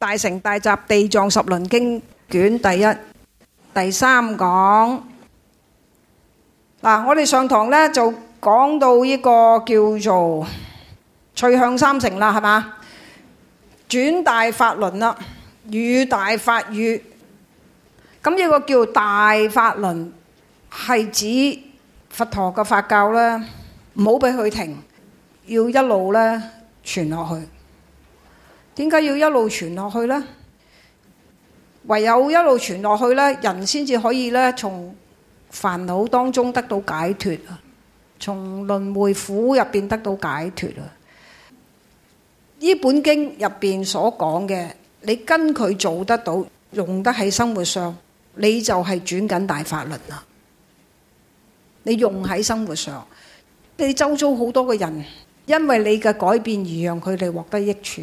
大乘大集地藏十輪經，卷第一，第三講。嗱，我哋上堂呢就講到呢個叫做趣向三乘啦，係嘛？轉大法輪啦，雨大法雨。咁、這、呢個叫大法輪，係指佛陀嘅法教呢，唔好俾佢停，要一路呢傳落去。點解要一路傳落去呢？唯有一路傳落去呢，人先至可以呢，從煩惱當中得到解脱啊！從輪迴苦入邊得到解脫啊！呢本經入邊所講嘅，你跟佢做得到，用得喺生活上，你就係轉緊大法輪啦！你用喺生活上，你周遭好多嘅人，因為你嘅改變而讓佢哋獲得益處。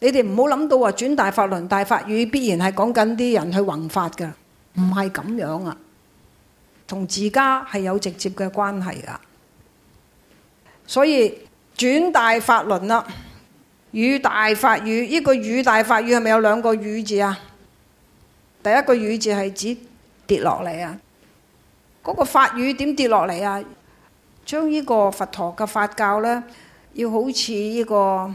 你哋唔好諗到話轉大法輪、大法雨，必然係講緊啲人去弘法嘅，唔係咁樣啊！同自家係有直接嘅關係啊！所以轉大法輪啦，雨大法雨，呢個雨大法雨係咪有兩個雨字啊？第一個雨字係指跌落嚟啊！嗰個法雨點跌落嚟啊？將呢個佛陀嘅法教呢，要好似呢個。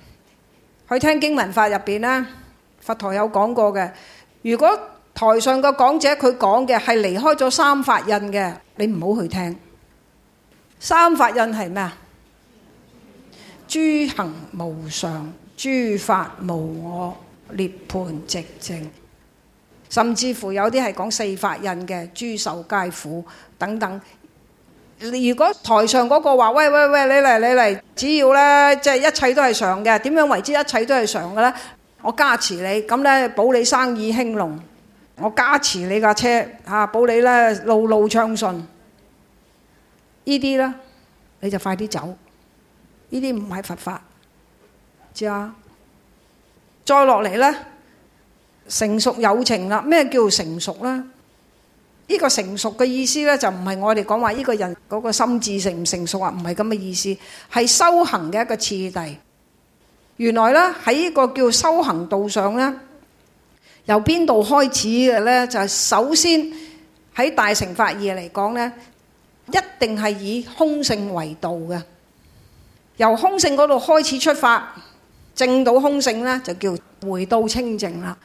去聽經文法入邊呢，佛陀有講過嘅。如果台上個講者佢講嘅係離開咗三法印嘅，你唔好去聽。三法印係咩啊？諸行無常，諸法無我，涅盤寂靜。甚至乎有啲係講四法印嘅，諸受皆苦等等。如果台上嗰個話喂喂喂，你嚟，你嚟，只要呢，即係一切都係常嘅，點樣為之一切都係常嘅呢？我加持你，咁呢，保你生意興隆，我加持你架車，吓，保你呢，路路暢順，呢啲呢，你就快啲走，呢啲唔係佛法，知啊？再落嚟呢，成熟有情啦，咩叫成熟呢？呢個成熟嘅意思呢，就唔係我哋講話呢個人嗰個心智成唔成熟啊，唔係咁嘅意思，係修行嘅一個次第。原來呢，喺呢個叫修行道上呢，由邊度開始嘅呢？就係、是、首先喺大乘法義嚟講呢，一定係以空性為道嘅，由空性嗰度開始出發，證到空性呢，就叫回到清淨啦。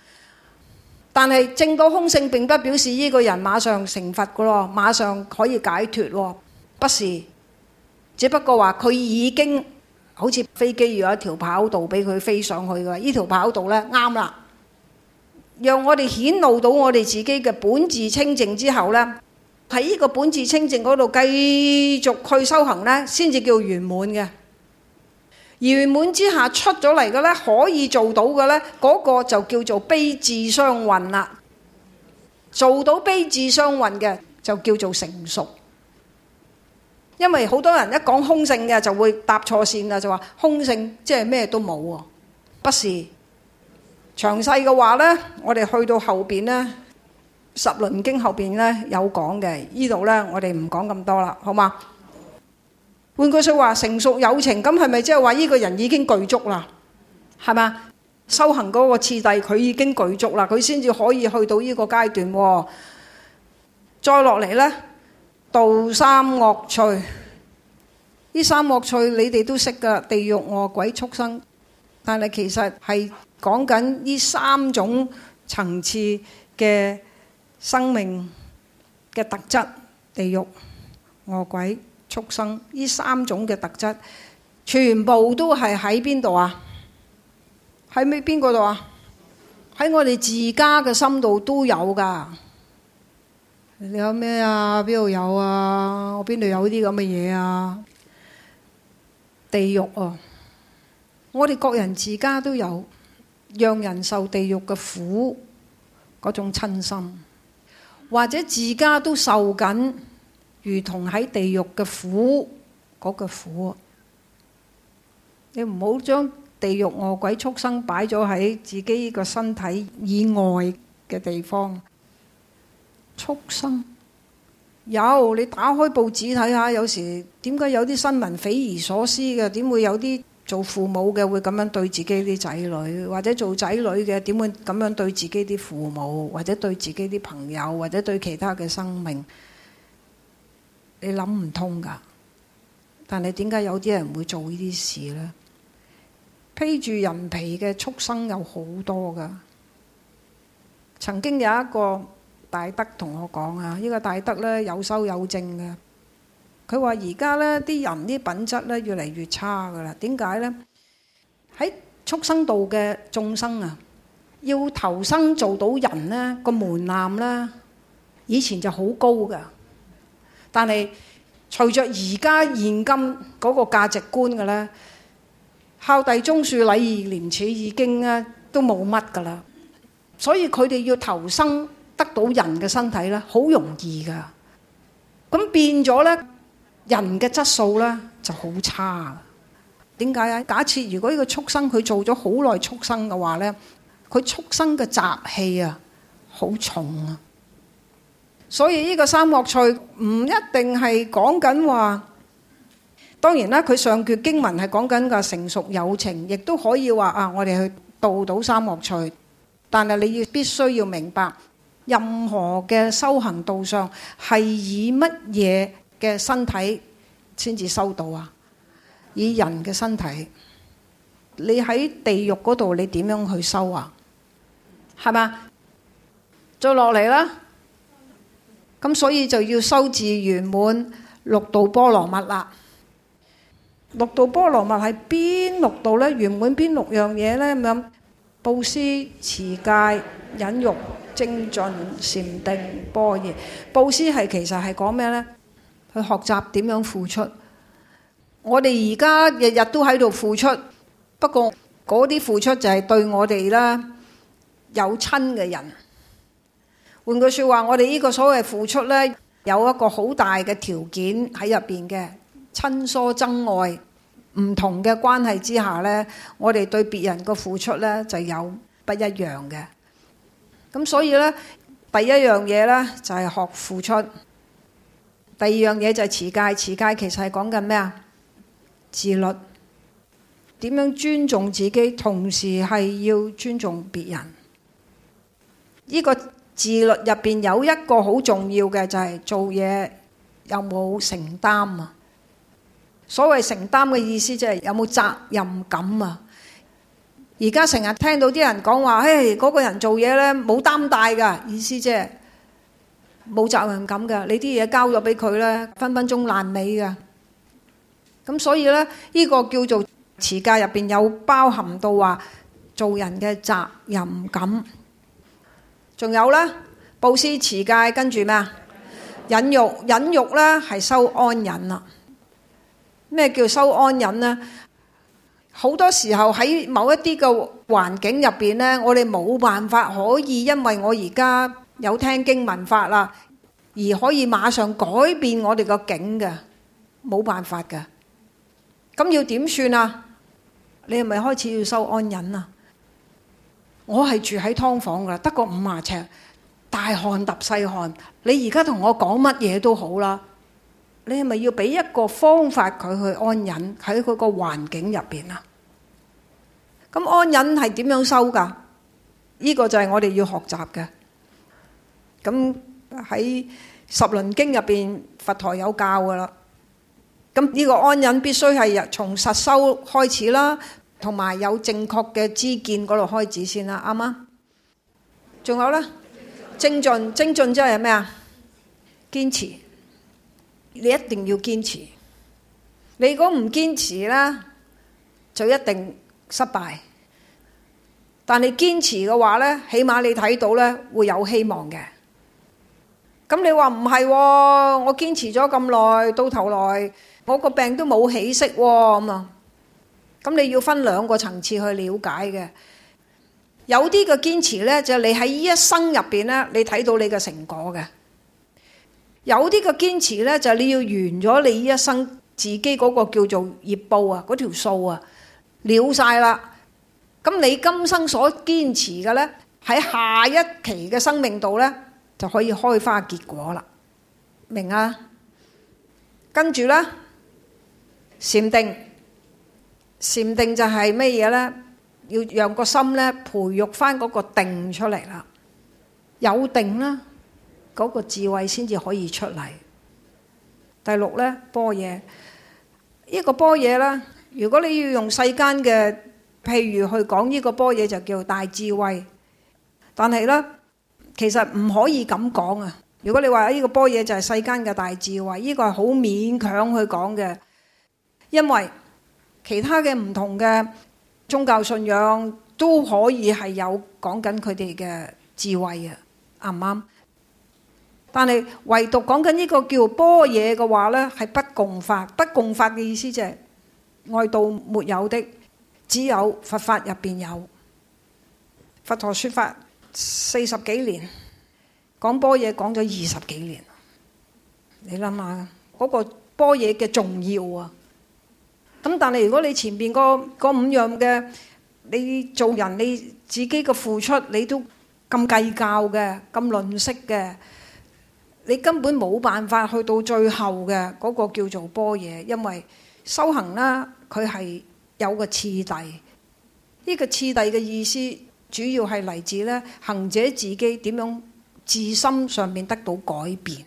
但係正到空性並不表示呢，這個人馬上成佛噶咯，馬上可以解脫喎，不是，只不過話佢已經好似飛機要有一條跑道俾佢飛上去㗎。呢條跑道呢啱啦，讓我哋顯露到我哋自己嘅本自清淨之後呢，喺呢個本自清淨嗰度繼續去修行呢，先至叫圓滿嘅。圓滿之下出咗嚟嘅呢，可以做到嘅呢嗰個就叫做悲智雙運啦。做到悲智雙運嘅，就叫做成熟。因為好多人一講空性嘅，就會搭錯線啦，就話空性即係咩都冇喎，不是。詳細嘅話呢，我哋去到後邊呢，十輪經後邊呢，有講嘅，呢度呢，我哋唔講咁多啦，好嘛？換句說話成熟有情，咁係咪即係話呢個人已經具足啦？係嘛，修行嗰個次第，佢已經具足啦，佢先至可以去到呢個階段。再落嚟呢，度三惡趣，呢三惡趣你哋都識噶，地獄、餓鬼、畜生。但係其實係講緊呢三種層次嘅生命嘅特質：地獄、餓鬼。畜生呢三種嘅特質，全部都係喺邊度啊？喺咩邊度啊？喺我哋自家嘅心度都有噶。你有咩啊？邊度有啊？我邊度有啲咁嘅嘢啊？地獄啊！我哋各人自家都有，讓人受地獄嘅苦嗰種親心，或者自家都受緊。如同喺地獄嘅苦，嗰、那個苦，你唔好將地獄惡鬼畜生擺咗喺自己個身體以外嘅地方。畜生？有，你打開報紙睇下，有時點解有啲新聞匪夷所思嘅？點會有啲做父母嘅會咁樣對自己啲仔女，或者做仔女嘅點會咁樣對自己啲父母，或者對自己啲朋友，或者對其他嘅生命？你諗唔通噶，但係點解有啲人會做呢啲事呢？披住人皮嘅畜生有好多噶。曾經有一個大德同我講啊，呢個大德呢，有修有證嘅。佢話而家呢啲人啲品質呢，越嚟越差噶啦。點解呢？喺畜生道嘅眾生啊，要投生做到人呢個門檻呢，以前就好高噶。但係隨着而家現今嗰個價值觀嘅咧，孝弟忠恕禮義廉恥已經咧、啊、都冇乜噶啦，所以佢哋要投生得到人嘅身體咧，好容易噶。咁變咗咧，人嘅質素咧就好差。點解啊？假設如果呢個畜生佢做咗好耐畜生嘅話咧，佢畜生嘅雜氣啊，好重啊。所以呢個三惡趣唔一定係講緊話，當然啦，佢上卷經文係講緊嘅成熟有情，亦都可以話啊，我哋去度到三惡趣。但係你要必須要明白，任何嘅修行道上係以乜嘢嘅身體先至修道啊？以人嘅身體，你喺地獄嗰度，你點樣去修啊？係嘛？再落嚟啦。咁所以就要修治圓滿六度波羅蜜啦。六度波羅蜜係邊六度呢？圓滿邊六樣嘢呢？咁樣佈施、持戒、忍辱、精進、禪定、般若。布施係其實係講咩呢？去學習點樣付出。我哋而家日日都喺度付出，不過嗰啲付出就係對我哋啦有親嘅人。換句說話，我哋呢個所謂付出呢，有一個好大嘅條件喺入邊嘅，親疏、憎愛、唔同嘅關係之下呢，我哋對別人嘅付出呢，就有不一樣嘅。咁所以呢，第一樣嘢呢，就係學付出；第二樣嘢就係持戒。持戒其實係講緊咩啊？自律，點樣尊重自己，同時係要尊重別人。呢個。自律入邊有一個好重要嘅，就係做嘢有冇承擔啊？所謂承擔嘅意思，即係有冇責任感啊？而家成日聽到啲人講話，唉，嗰個人做嘢呢，冇擔帶嘅意思，即係冇責任感嘅，你啲嘢交咗俾佢呢，分分鐘爛尾嘅。咁所以呢，呢個叫做持戒入邊有包含到話做人嘅責任感。仲有啦，布施持戒，跟住咩啊？忍辱，忍辱咧係修安忍啦。咩叫修安忍呢？好多時候喺某一啲嘅環境入邊呢，我哋冇辦法可以，因為我而家有聽經聞法啦，而可以馬上改變我哋個境嘅，冇辦法嘅。咁要點算啊？你係咪開始要修安忍啊？我係住喺劏房㗎，得個五十尺，大汗揼細汗。你而家同我講乜嘢都好啦，你係咪要俾一個方法佢去安忍喺佢個環境入邊啊？咁安忍係點樣修噶？呢、呢個就係我哋要學習嘅。咁喺十輪經入邊，佛陀有教噶啦。咁呢個安忍必須係由從實修開始啦。同埋有正確嘅知見嗰度開始先啦，啱嗎？仲有咧，精進，精進即係咩啊？堅持，你一定要堅持。你如果唔堅持咧，就一定失敗。但你堅持嘅話咧，起碼你睇到咧會有希望嘅。咁你話唔係？我堅持咗咁耐，到頭來我個病都冇起色咁啊！咁你要分兩個層次去了解嘅，有啲嘅堅持呢就係你喺呢一生入邊呢，你睇到你嘅成果嘅；有啲嘅堅持呢就係你要完咗你呢一生自己嗰個叫做業報啊，嗰條數啊了晒啦。咁你今生所堅持嘅呢，喺下一期嘅生命度呢就可以開花結果啦。明啊？跟住呢，禪定。禪定就係咩嘢呢？要讓個心咧培育翻嗰個定出嚟啦，有定啦，嗰、嗰個智慧先至可以出嚟。第六呢，般若。依個般若咧，如果你要用世間嘅譬如去講呢個般若，就叫大智慧。但係呢，其實唔可以咁講啊！如果你話呢個般若就係世間嘅大智慧，呢、呢個係好勉強去講嘅，因為，其他嘅唔同嘅宗教信仰都可以係有講緊佢哋嘅智慧啊，啱唔啱？但係唯獨講緊呢個叫般若嘅話咧，係不共法。不共法嘅意思就係、是、外道沒有的，只有佛法入邊有。佛陀說法四十幾年，講般若講咗二十幾年，你諗下嗰個般若嘅重要啊！咁但係，如果你前邊嗰嗰五樣嘅，你做人你自己嘅付出你都咁計較嘅咁吝嗇嘅，你根本冇辦法去到最後嘅嗰個叫做般若，因為修行啦，佢係有個次第。呢個次第嘅意思主要係嚟自咧行者自己點樣自心上面得到改變。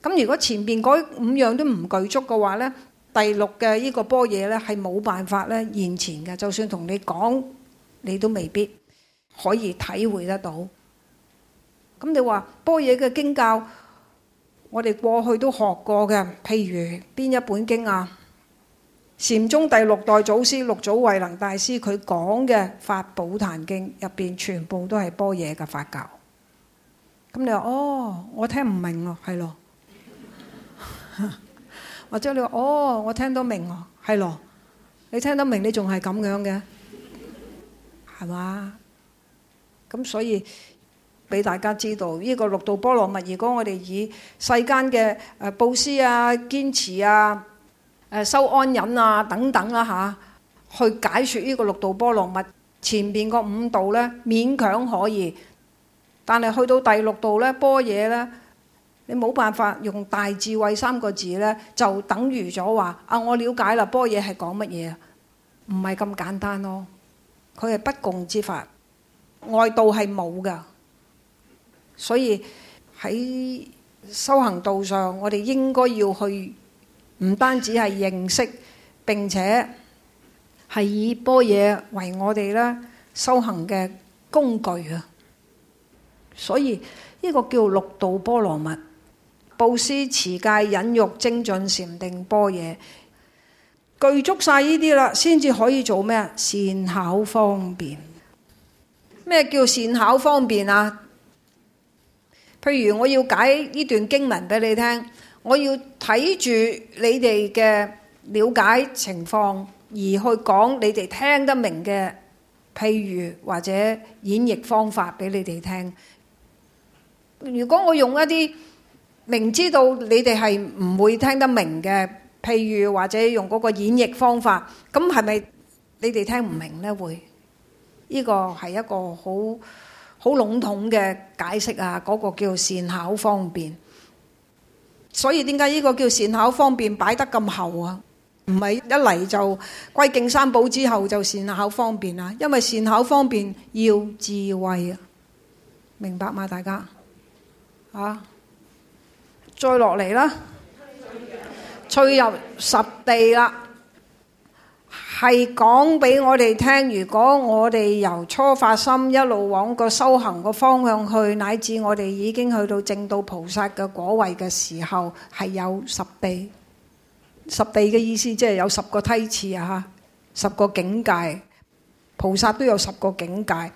咁如果前邊嗰五樣都唔具足嘅話咧？第六嘅呢個波嘢呢，係冇辦法呢現前嘅。就算同你講，你都未必可以體會得到。咁你話波嘢嘅經教，我哋過去都學過嘅。譬如邊一本經啊？禪宗第六代祖師六祖慧能大師佢講嘅《法寶壇經》入邊，全部都係波嘢嘅法教。咁你話哦，我聽唔明咯，係咯？ 或者你話哦，我聽得明喎，係咯，你聽得明，你仲係咁樣嘅，係嘛？咁所以俾大家知道，呢、這個六度波羅蜜，如果我哋以世間嘅誒布施啊、堅持啊、誒、呃、修安忍啊等等啊，嚇、啊，去解説呢個六度波羅蜜，前邊個五度呢，勉強可以，但係去到第六度呢，般若呢。你冇辦法用大智慧三個字呢，就等於咗話啊！我了解啦，般若係講乜嘢？唔係咁簡單咯。佢係不共之法，外道係冇噶。所以喺修行道上，我哋應該要去唔單止係認識，並且係以般若為我哋咧修行嘅工具啊。所以呢個叫六度波羅蜜。布施、持戒、忍辱、精進、禪定、般若具足晒呢啲啦，先至可以做咩啊？善巧方便。咩叫善巧方便啊？譬如我要解呢段經文俾你聽，我要睇住你哋嘅了解情況而去講你哋聽得明嘅，譬如或者演繹方法俾你哋聽。如果我用一啲。明知道你哋係唔會聽得明嘅，譬如或者用嗰個演繹方法，咁係咪你哋聽唔明呢？會呢個係一個好好籠統嘅解釋啊！嗰個叫善巧方便，所以點解呢個叫善巧方便擺得咁後啊？唔係一嚟就歸敬三寶之後就善巧方便啊，因為善巧方便要智慧啊！明白嘛，大家啊？再落嚟啦，趣入十地啦，係講俾我哋聽，如果我哋由初發心一路往個修行個方向去，乃至我哋已經去到正道菩薩嘅果位嘅時候，係有十地。十地嘅意思即係有十個梯次啊，吓，十個境界，菩薩都有十個境界。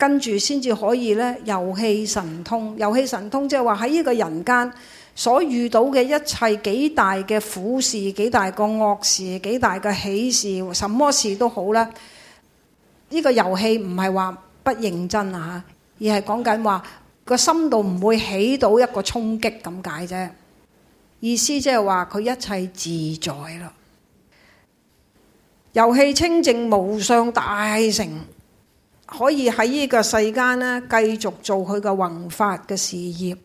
跟住先至可以咧，遊戲神通，遊戲神通即係話喺呢個人間所遇到嘅一切，幾大嘅苦事，幾大個惡事，幾大嘅喜事，什麼事都好啦。呢個遊戲唔係話不認真啊，而係講緊話個心度唔會起到一個衝擊咁解啫。意思即係話佢一切自在咯，遊戲清淨無上大乘。可以喺呢個世間咧，繼續做佢嘅宏法嘅事業，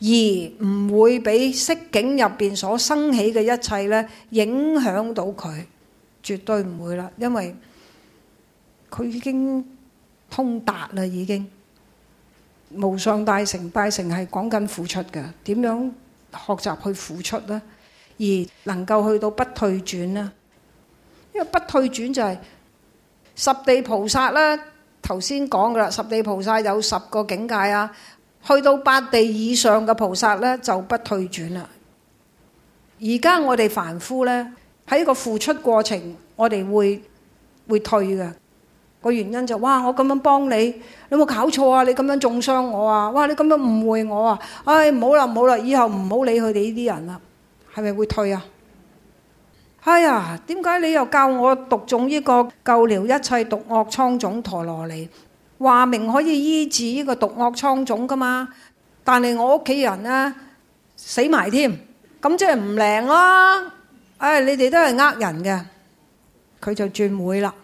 而唔會俾色境入邊所生起嘅一切咧，影響到佢，絕對唔會啦。因為佢已經通達啦，已經無上大乘。大乘係講緊付出嘅，點樣學習去付出咧？而能夠去到不退轉咧？因為不退轉就係十地菩薩啦。頭先講噶啦，十地菩薩有十個境界啊。去到八地以上嘅菩薩呢，就不退轉啦。而家我哋凡夫呢，喺個付出過程，我哋會會退嘅個原因就是，哇，我咁樣幫你，你冇搞錯啊？你咁樣中傷我啊？哇，你咁樣誤會我啊？唉，哎，唔好啦，唔好啦，以後唔好理佢哋呢啲人啦，係咪會退啊？哎呀，點解你又教我讀誦呢個救療一切毒惡瘡腫陀羅尼？話明可以醫治呢個毒惡瘡腫噶嘛？但係我屋企人咧死埋添，咁即係唔靈啦！哎，你哋都係呃人嘅，佢就轉會啦。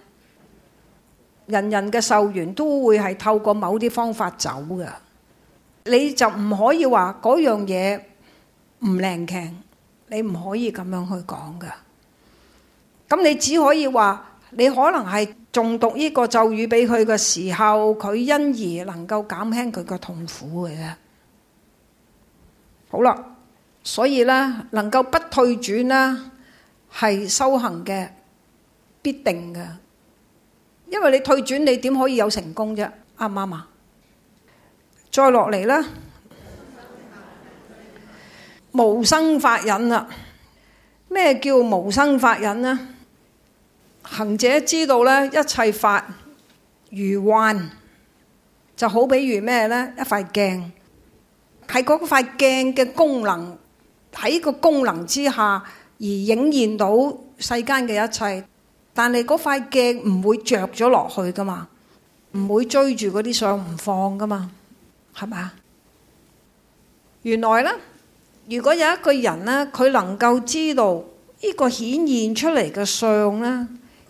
人人嘅壽元都會係透過某啲方法走嘅，你就唔可以話嗰樣嘢唔靈嘅，你唔可以咁樣去講嘅。咁你只可以話，你可能係誦讀呢個咒語俾佢嘅時候，佢因而能夠減輕佢個痛苦嘅。好啦，所以呢能夠不退轉呢係修行嘅必定嘅，因為你退轉，你點可以有成功啫？啱唔啱啊？再落嚟啦，無生法忍啦，咩叫無生法忍呢？行者知道咧，一切法如幻，就好比如咩呢？一塊鏡，係嗰塊鏡嘅功能，喺個功能之下而影現到世間嘅一切，但係嗰塊鏡唔會着咗落去噶嘛，唔會追住嗰啲相唔放噶嘛，係嘛？原來呢，如果有一個人呢，佢能夠知道呢個顯現出嚟嘅相呢。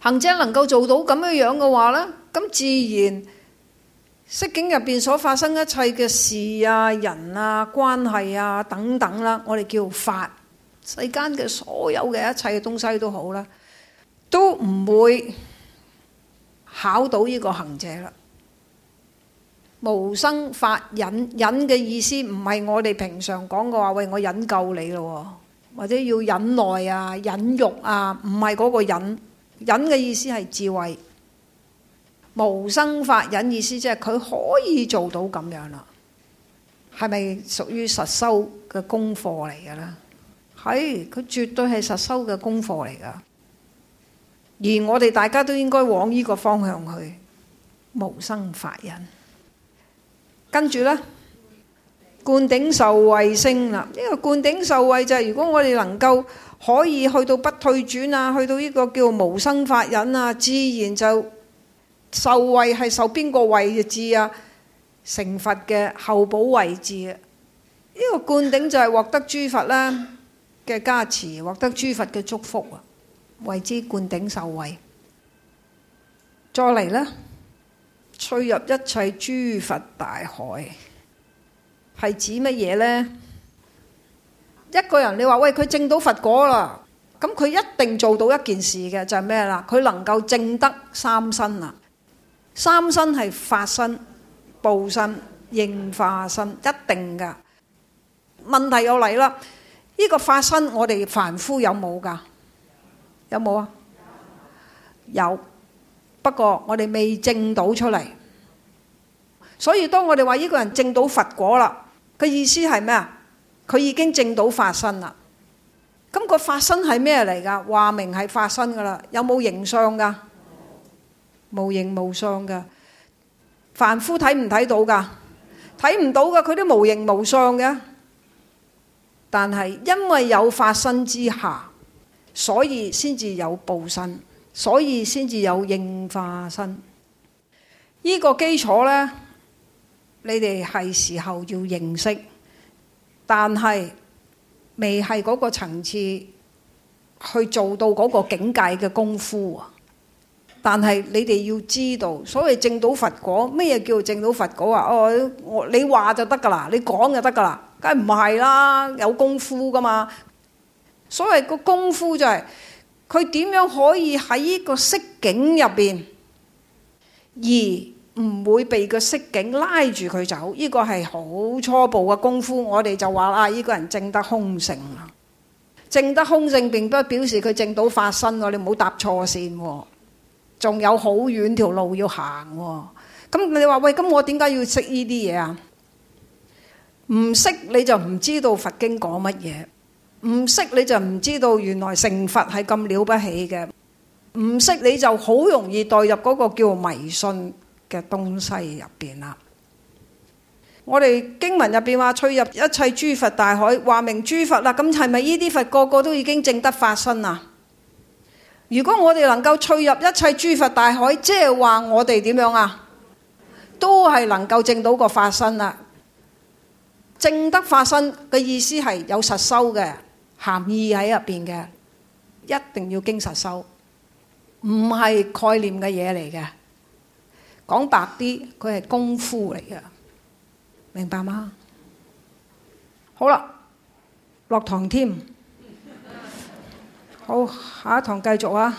行者能夠做到咁嘅樣嘅話咧，咁自然色境入邊所發生一切嘅事啊、人啊、關係啊等等啦，我哋叫法世間嘅所有嘅一切嘅東西都好啦，都唔會考到呢個行者啦。無生法忍忍嘅意思唔係我哋平常講嘅話，喂，我忍夠你咯，或者要忍耐啊、忍辱啊，唔係嗰個忍。忍嘅意思係智慧，無生法忍意思即係佢可以做到咁樣啦，係咪屬於實修嘅功課嚟嘅咧？係，佢絕對係實修嘅功課嚟噶。而我哋大家都應該往呢個方向去無生法忍。跟住呢，灌頂受位聲啦，呢、這個灌頂受位就係如果我哋能夠。可以去到不退轉啊，去到呢個叫無生法忍啊，自然就受位係受邊個位置啊？成佛嘅後補位置。啊？呢個灌頂就係獲得諸佛啦嘅加持，獲得諸佛嘅祝福啊，為之灌頂受位。再嚟呢，趣入一切諸佛大海，係指乜嘢呢？一個人你話喂，佢證到佛果啦，咁佢一定做到一件事嘅就係咩啦？佢能夠證得三身啦。三身係法身、報身、應化身，一定噶。問題又嚟啦，呢個法身我哋凡夫有冇噶？有冇啊？有，不過我哋未證到出嚟。所以當我哋話呢個人證到佛果啦，佢意思係咩啊？佢已經證到法身啦，咁個法身係咩嚟噶？話明係法身噶啦，有冇形相噶？無形無相噶，凡夫睇唔睇到噶？睇唔到噶，佢都無形無相嘅。但係因為有法身之下，所以先至有報身，所以先至有應化身。呢、這個基礎呢，你哋係時候要認識。但係未係嗰個層次去做到嗰個境界嘅功夫啊！但係你哋要知道，所謂證到佛果，咩嘢叫證到佛果啊？哦，我你話就得噶啦，你講就得噶啦，梗係唔係啦，有功夫噶嘛？所謂個功夫就係佢點樣可以喺呢個色境入邊而。唔會被個色境拉住佢走，呢個係好初步嘅功夫。我哋就話啊，呢個人證得空性啊，證得空性並不表示佢證到法身喎。你唔好搭錯線喎，仲有好遠條路要行喎。咁，嗯，你話喂，咁我點解要識呢啲嘢啊？唔識你就唔知道佛經講乜嘢，唔識你就唔知道原來成佛係咁了不起嘅，唔識你就好容易代入嗰個叫迷信。嘅東西入邊啦，我哋經文入邊話：趣入一切諸佛大海，話明諸佛啦。咁係咪呢啲佛個個都已經證得法身啊？如果我哋能夠趣入一切諸佛大海，即係話我哋點樣啊？都係能夠證到個法身啦。證得法身嘅意思係有實修嘅含義喺入邊嘅，一定要經實修，唔係概念嘅嘢嚟嘅。講白啲，佢係功夫嚟㗎，明白嗎？好啦，落堂添，好，下一堂繼續啊！